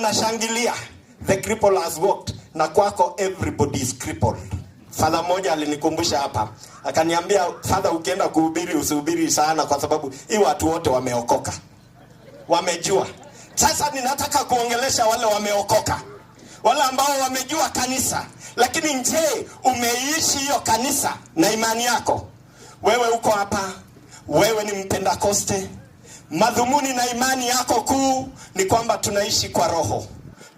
unashangilia the cripple has walked, na kwako everybody is crippled. Father moja alinikumbusha hapa, akaniambia father, ukienda kuhubiri usihubiri sana, kwa sababu hii watu wote wameokoka, wamejua. Sasa ninataka kuongelesha wale wameokoka, wale ambao wamejua kanisa. Lakini nje umeishi hiyo kanisa na imani yako? Wewe uko hapa, wewe ni koste Madhumuni na imani yako kuu ni kwamba tunaishi kwa roho,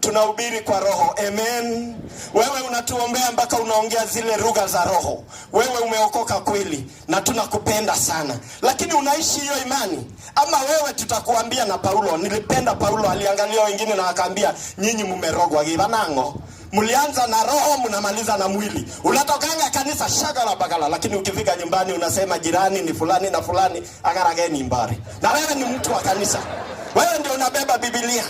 tunahubiri kwa roho. Amen. Wewe unatuombea mpaka unaongea zile rugha za roho. Wewe umeokoka kweli na tunakupenda sana, lakini unaishi hiyo imani ama wewe? Tutakuambia na Paulo, nilipenda Paulo aliangalia wengine na akaambia, nyinyi mmerogwa givanango mlianza na roho mnamaliza na mwili. Unatokanga kanisa la bagala, lakini ukifika nyumbani unasema jirani ni fulani na fulani akarageni mbari. Na wewe ni mtu wa kanisa, wewe ndio unabeba Biblia,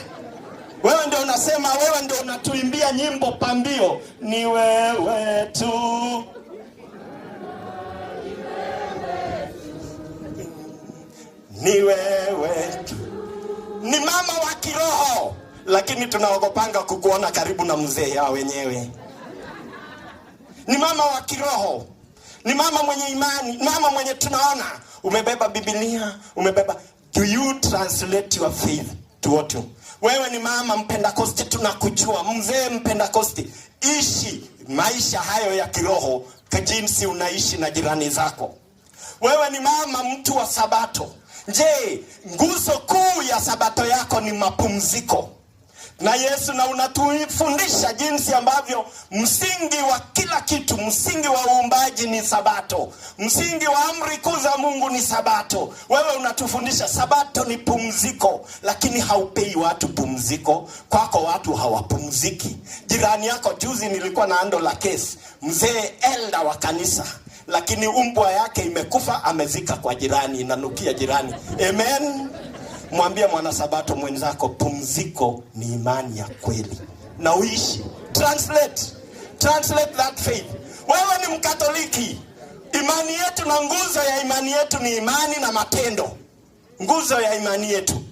wewe ndio unasema, wewe ndio unatuimbia nyimbo pambio, ni wewe tu ni wewe tu, ni mama wa kiroho lakini tunaogopanga kukuona karibu na mzee hao wenyewe. Ni mama wa kiroho, ni mama mwenye imani, mama mwenye tunaona umebeba bibilia umebeba do you translate your faith to wewe ni mama Mpendakosti, tunakujua. Mzee Mpendakosti, ishi maisha hayo ya kiroho jinsi unaishi na jirani zako. Wewe ni mama mtu wa Sabato. Je, nguzo kuu ya Sabato yako ni mapumziko? na Yesu na unatufundisha jinsi ambavyo msingi wa kila kitu, msingi wa uumbaji ni Sabato, msingi wa amri kuu za Mungu ni Sabato. Wewe unatufundisha Sabato ni pumziko, lakini haupei watu pumziko. Kwako watu hawapumziki. Jirani yako, juzi nilikuwa na ando la kesi, mzee elda wa kanisa lakini umbwa yake imekufa, amezika kwa jirani, inanukia jirani. Amen mwambie mwanasabato mwenzako, pumziko ni imani ya kweli na uishi. Translate, translate that faith. Wewe ni Mkatoliki, imani yetu na nguzo ya imani yetu ni imani na matendo, nguzo ya imani yetu,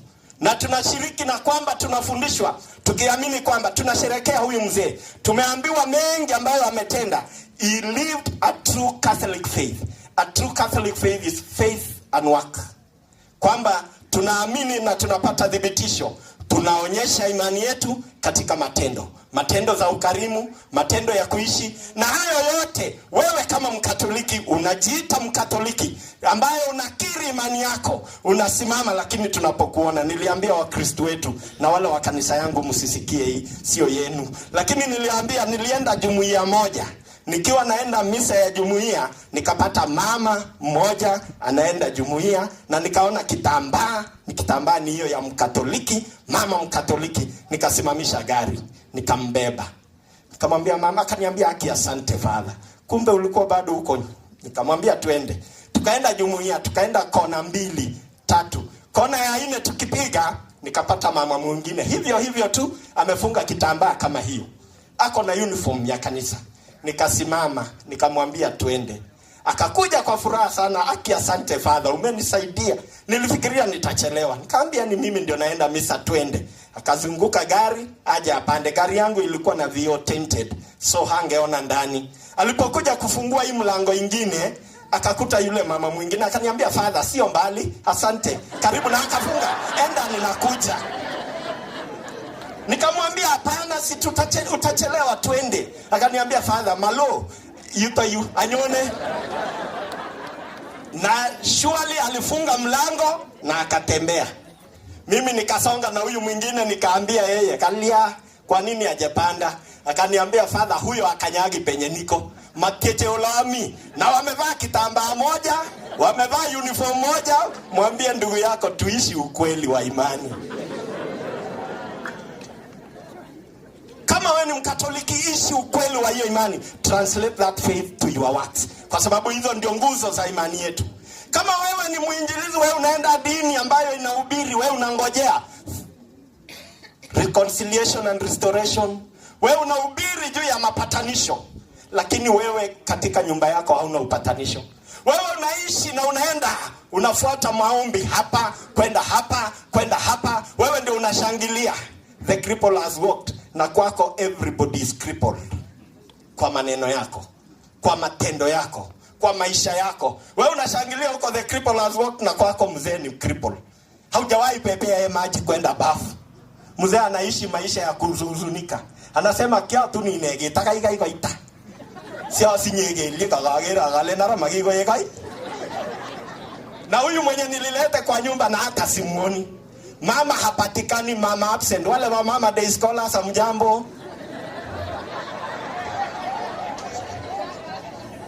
na tunashiriki na kwamba tunafundishwa tukiamini kwamba tunasherekea huyu mzee, tumeambiwa mengi ambayo ametenda. He lived a true Catholic faith. A true Catholic faith is faith and work, kwamba tunaamini na tunapata thibitisho, tunaonyesha imani yetu katika matendo, matendo za ukarimu, matendo ya kuishi na hayo yote. Wewe kama Mkatoliki unajiita Mkatoliki ambaye unakiri imani yako unasimama, lakini tunapokuona, niliambia wakristu wetu na wale wa kanisa yangu, msisikie hii sio yenu, lakini niliambia, nilienda jumuiya moja nikiwa naenda misa ya jumuiya nikapata mama mmoja anaenda jumuiya, na nikaona kitambaa ni kitambaa ni hiyo ya Mkatoliki, mama Mkatoliki. Nikasimamisha gari nikambeba, nikamwambia mama, akaniambia aki, asante fadha kumbe ulikuwa bado huko. Nikamwambia twende, tukaenda jumuiya, tukaenda kona mbili tatu, kona ya ine tukipiga, nikapata mama mwingine hivyo hivyo tu, amefunga kitambaa kama hiyo, ako na uniform ya kanisa nikasimama nikamwambia twende. Akakuja kwa furaha sana, aki, asante fadha umenisaidia. Nilifikiria nitachelewa, nikaambia ni mimi ndio naenda misa, twende. Akazunguka gari aja apande. Gari yangu ilikuwa na vio tinted, so hangeona ndani. Alipokuja kufungua hii mlango ingine, akakuta yule mama mwingine, akaniambia fadha sio mbali, asante, karibu. Na akafunga, enda, ninakuja. Nikamwambia hapana, si utachelewa, twende. Akaniambia father malo yuta uh, yu, anyone na shuali alifunga mlango na akatembea. Mimi nikasonga na huyu mwingine, nikaambia yeye kalia, kwa nini ajepanda? Akaniambia fadha huyo akanyagi penye niko makete olami, na wamevaa kitambaa moja, wamevaa uniform moja. Mwambie ndugu yako tuishi ukweli wa imani. wewe ni Mkatoliki, ishi ukweli wa hiyo imani, translate that faith to your works, kwa sababu hizo ndio nguzo za imani yetu. Kama wewe ni mwinjilizi, wewe unaenda dini ambayo inahubiri, wewe unangojea reconciliation and restoration, wewe unahubiri juu ya mapatanisho, lakini wewe katika nyumba yako hauna upatanisho. Wewe unaishi na unaenda unafuata maombi hapa kwenda hapa kwenda hapa, wewe ndio unashangilia the cripple has walked na kwako everybody is crippled kwa maneno yako, kwa matendo yako, kwa maisha yako. We unashangilia huko the cripple has walked, na kwako mzee ni cripple. Haujawahi pepea ye maji kwenda bafu. Mzee anaishi maisha ya kuzuzunika, anasema kia tu ni nege taka iga iga ita sio sinyege ile kagagira gale nara magigo yegai na huyu mwenye nililete kwa nyumba na hata simuoni mama hapatikani, mama absent. Wale wa mama day scholars, hamjambo.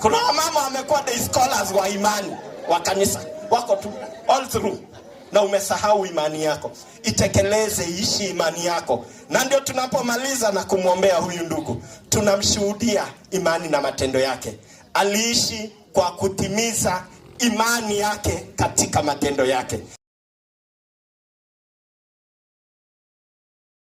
Kuna wamama wamekuwa day scholars wa imani wa kanisa, wako tu all through na umesahau imani yako. Itekeleze, ishi imani yako, na ndio tunapomaliza na kumwombea huyu ndugu, tunamshuhudia imani na matendo yake. Aliishi kwa kutimiza imani yake katika matendo yake.